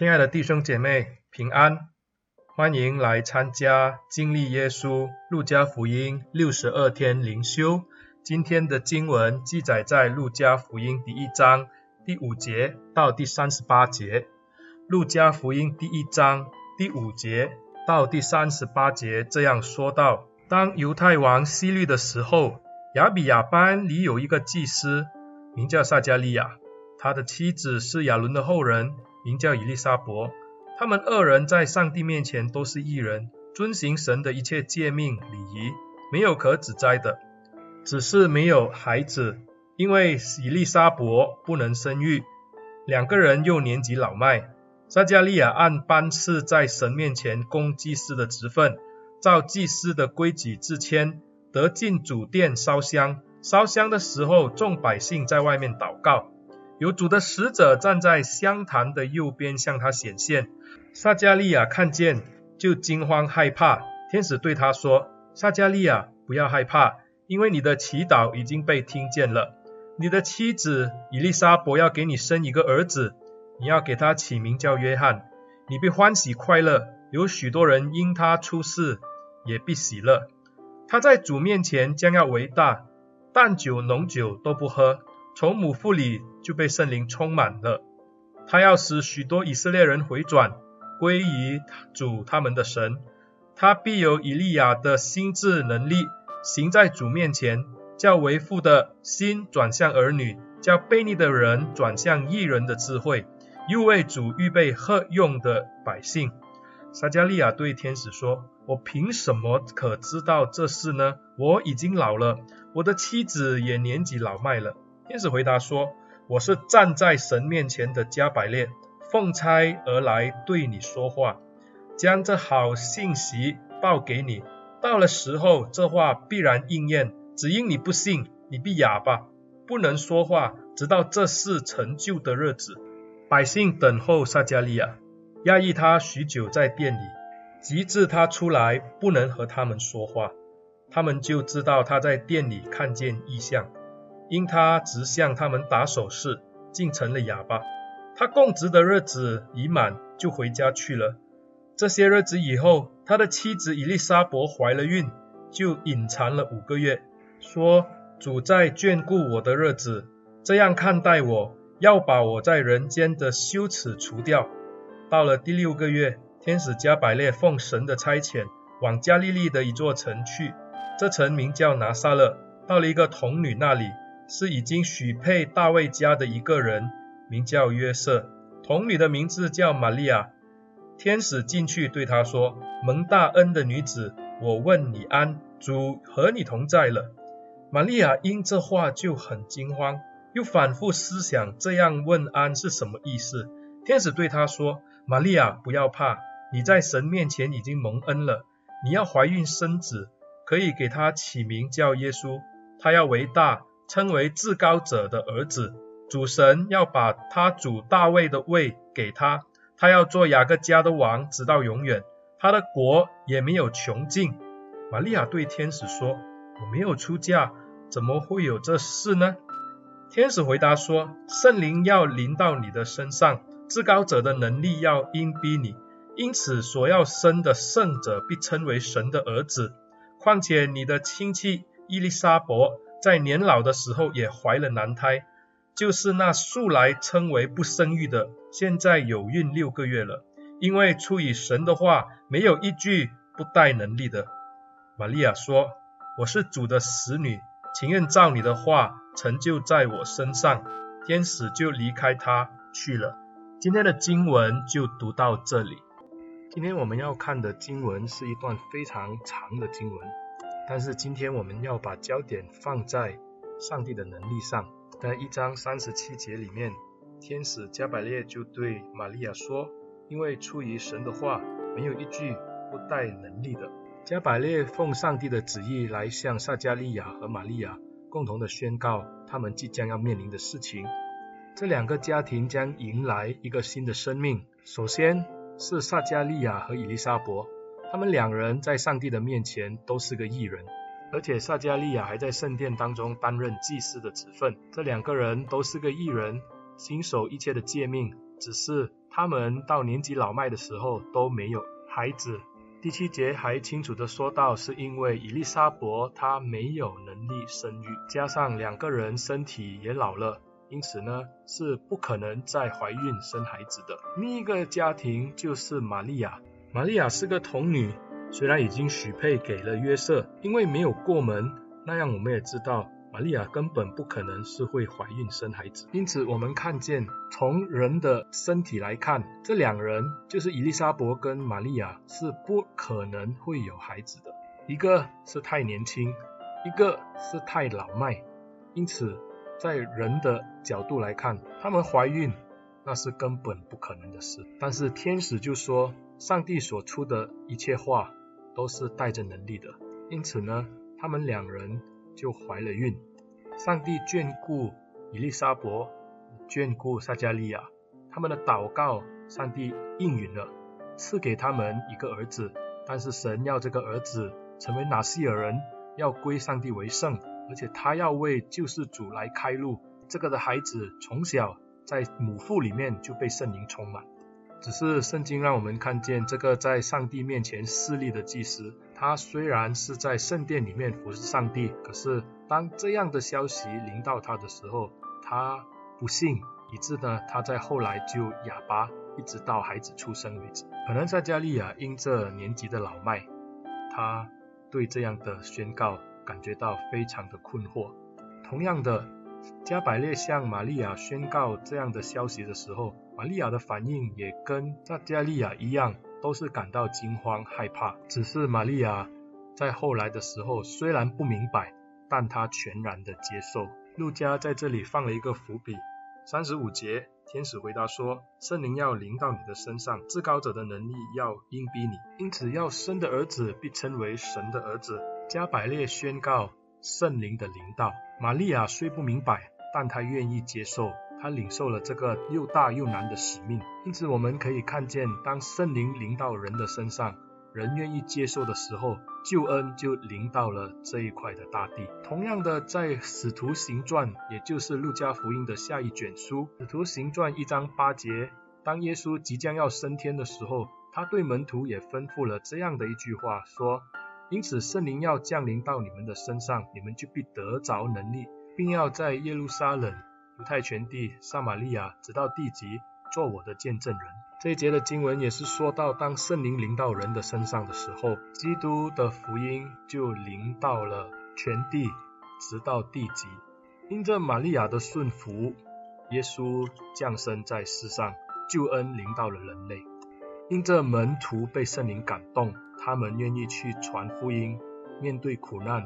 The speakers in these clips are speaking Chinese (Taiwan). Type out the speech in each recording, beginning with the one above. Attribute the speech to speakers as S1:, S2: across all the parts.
S1: 親愛的弟兄姐妹，平安！歡迎來參加經歷耶穌《路加福音》六十二天靈修。今天的經文記載在《路加福音》第一章第五節到第三十八節。《路加福音》第一章第五節到第三十八節這樣說道：當猶太王希律的時候，亞比雅班裡有一個祭司，名叫撒迦利亞，他的妻子是亞倫的後人。名叫以利沙伯，他們二人在上帝面前都是義人，遵行神的一切誡命禮儀，沒有可指摘的，只是沒有孩子，因為以利沙伯不能生育，兩個人又年紀老邁。撒迦利亞按班次在神面前供祭司的職分，照祭司的規矩掣籤，得進主殿燒香。燒香的時候，眾百姓在外面禱告。有主的使者站在香壇的右邊，向他顯現。撒迦利亞看見，就驚慌害怕。天使對他說：“撒迦利亞，不要害怕，因為你的祈禱已經被聽見了。你的妻子以利沙伯要給你生一個兒子，你要給他起名叫約翰。你必歡喜快樂，有許多人因他出世，也必喜樂。他在主面前將要為大，淡酒濃酒都不喝。”從母腹裡就被聖靈充滿了。他要使許多以色列人回轉，歸於主他們的神。他必有以利亞的心志能力，行在主面前，叫為父的心轉向兒女，叫悖逆的人轉向義人的智慧，又為主預備合用的百姓。撒迦利亞對天使說：“我憑什麼可知道這事呢？我已經老了，我的妻子也年紀老邁了。”天使回答說：“我是站在神面前的加百列，奉差而來對你說話，將這好信息報給你。到了時候，這話必然應驗，只因你不信，你必啞巴，不能說話，直到這事成就的日子。百姓等候撒迦利亞，詫異他許久在殿裡，及至他出來，不能和他們說話，他們就知道他在殿裡看見異象。”因他直向他們打手勢，竟成了啞巴。他供職的日子已滿，就回家去了。這些日子以後，他的妻子以利沙伯懷了孕，就隱藏了五個月，說主在眷顧我的日子，這樣看待我，要把我在人間的羞恥除掉。到了第六個月，天使加百列奉神的差遣，往加利利的一座城去，這城名叫拿撒勒，到了一個童女那裡。是已經許配大衛家的一個人，名叫約瑟，童女的名字叫瑪利亞。天使進去對他說：“蒙大恩的女子，我問你安，主和你同在了。”瑪利亞因這話就很驚慌，又反復思想這樣問安是什麼意思。天使對他說：“瑪利亞，不要怕，你在神面前已經蒙恩了。你要懷孕生子，可以給他起名叫耶穌，他要為大。”稱為至高者的兒子，主神要把他祖大衛的位給他，他要做雅各家的王，直到永遠，他的國也沒有窮盡。瑪利亞對天使說：“我沒有出嫁，怎麼會有這事呢？”天使回答說：“聖靈要臨到你的身上，至高者的能力要蔭庇你，因此所要生的聖者必稱為神的兒子。況且你的親戚以利沙伯。”在年老的時候也懷了男胎，就是那素來稱為不生育的，現在有孕六個月了。因為出於神的話，沒有一句不帶能力的。瑪利亞說：“我是主的使女，情願照你的話成就在我身上。”天使就離開他去了。今天的經文就讀到這裡。今天我們要看的經文是一段非常長的經文。但是今天我們要把焦點放在上帝的能力上，在一章三十七節裡面，天使加百列就對瑪利亞說：“因為出於神的話，沒有一句不帶能力的。”加百列奉上帝的旨意來向撒迦利亞和瑪利亞共同的宣告他們即將要面臨的事情，這兩個家庭將迎來一個新的生命。首先是撒迦利亞和以利沙伯。他們兩人在上帝的面前都是個義人，而且撒迦利亞還在聖殿當中擔任祭司的職分。這兩個人都是個義人，遵行一切的誡命。只是他們到年紀老邁的時候都沒有孩子。第七節還清楚的說到，是因為以利沙伯她沒有能力生育，加上兩個人身體也老了，因此呢，是不可能再懷孕生孩子的。另一個家庭就是瑪利亞。瑪利亞是個童女，雖然已經許配給了約瑟，因為沒有過門，那樣我們也知道瑪利亞根本不可能是會懷孕生孩子。因此，我們看見從人的身體來看，這兩人就是以利沙伯跟瑪利亞是不可能會有孩子的，一個是太年輕，一個是太老邁。因此，在人的角度來看，他們懷孕。那是根本不可能的事。但是天使就說，上帝所出的一切話都是帶着能力的。因此呢，他們兩人就懷了孕。上帝眷顧以利沙伯，眷顧撒迦利亞，他們的禱告，上帝應允了，賜給他們一個兒子。但是神要這個兒子成為拿細耳人，要歸上帝為聖，而且他要為救世主來開路。這個的孩子從小。在母腹裡面就被聖靈充滿，只是聖經讓我們看見這個在上帝面前勢力的祭司，他雖然是在聖殿裡面服侍上帝，可是當這樣的消息臨到他的時候，他不信，以致呢，他在後來就啞巴，一直到孩子出生為止。可能撒迦利亞因著年紀的老邁，他對這樣的宣告感覺到非常的困惑。同樣的。加百列向瑪利亞宣告這樣的消息的時候，瑪利亞的反應也跟撒迦利亞一樣，都是感到驚慌害怕。只是瑪利亞在後來的時候雖然不明白，但她全然的接受。路加在這裡放了一個伏筆。三十五節，天使回答說，聖靈要臨到你的身上，至高者的能力要蔭庇你，因此要生的兒子必稱為神的兒子。加百列宣告。聖靈的臨到，瑪利亞雖不明白，但她願意接受，她領受了這個又大又難的使命。因此，我們可以看見，當聖靈臨到人的身上，人願意接受的時候，救恩就臨到了這一塊的大地。同樣的，在《使徒行傳》，也就是《路加福音》的下一卷書，《使徒行傳》一章八節，當耶穌即將要升天的時候，他對門徒也吩咐了這樣的一句話，說。因此，聖靈要降臨到你們的身上，你們就必得着能力，並要在耶路撒冷、猶太全地、撒瑪利亞，直到地極，做我的見證人。這一節的經文也是說到，當聖靈臨到人的身上的時候，基督的福音就臨到了全地，直到地極。因着馬利亞的順服，耶穌降生在世上，救恩臨到了人類。因這門徒被聖靈感動，他們願意去傳福音，面對苦難，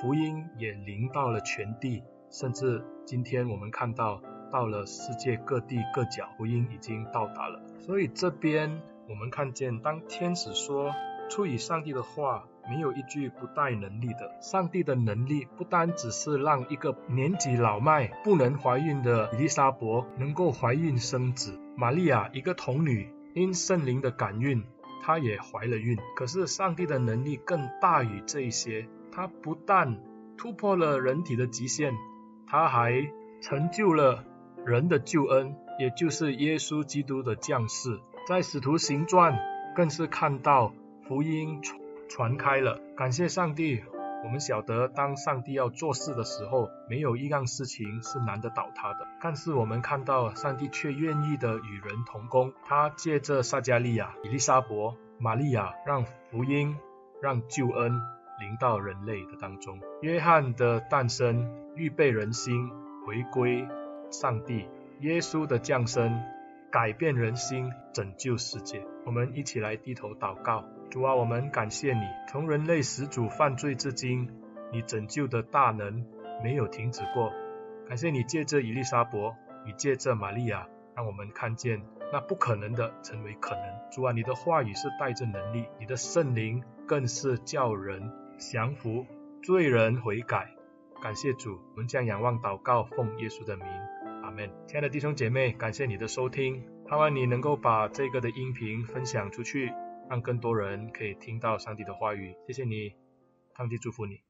S1: 福音也臨到了全地，甚至今天我們看到到了世界各地各角，福音已經到達了。所以這邊我們看見，當天使說出於上帝的話，沒有一句不帶能力的。上帝的能力不單只是讓一個年紀老邁、不能懷孕的以利沙伯能夠懷孕生子，馬利亞一個童女。因聖靈的感孕，她也懷了孕。可是上帝的能力更大於這一些，他不但突破了人體的極限，他還成就了人的救恩，也就是耶穌基督的降世。在使徒行傳，更是看到福音傳,傳開了。感謝上帝。我們曉得，當上帝要做事的時候，沒有一樣事情是難得倒他的。但是我們看到，上帝卻願意的與人同工，他借着撒迦利亞、以利沙伯、瑪利亞，讓福音、讓救恩臨到人類的當中。約翰的誕生，預備人心回歸上帝；耶穌的降生，改變人心，拯救世界。我們一起來低頭禱告。主啊，我們感謝你，從人類始祖犯罪至今，你拯救的大能沒有停止過。感謝你借着以利沙伯，你借着瑪利亞，讓我們看見那不可能的成為可能。主啊，你的話語是帶着能力，你的聖靈更是叫人降服，罪人悔改。感謝主，我們將仰望禱告，奉耶穌的名。親愛的弟兄姐妹，感謝你的收聽，盼望你能夠把這個的音頻分享出去，讓更多人可以聽到上帝的話語。謝謝你，上帝祝福你。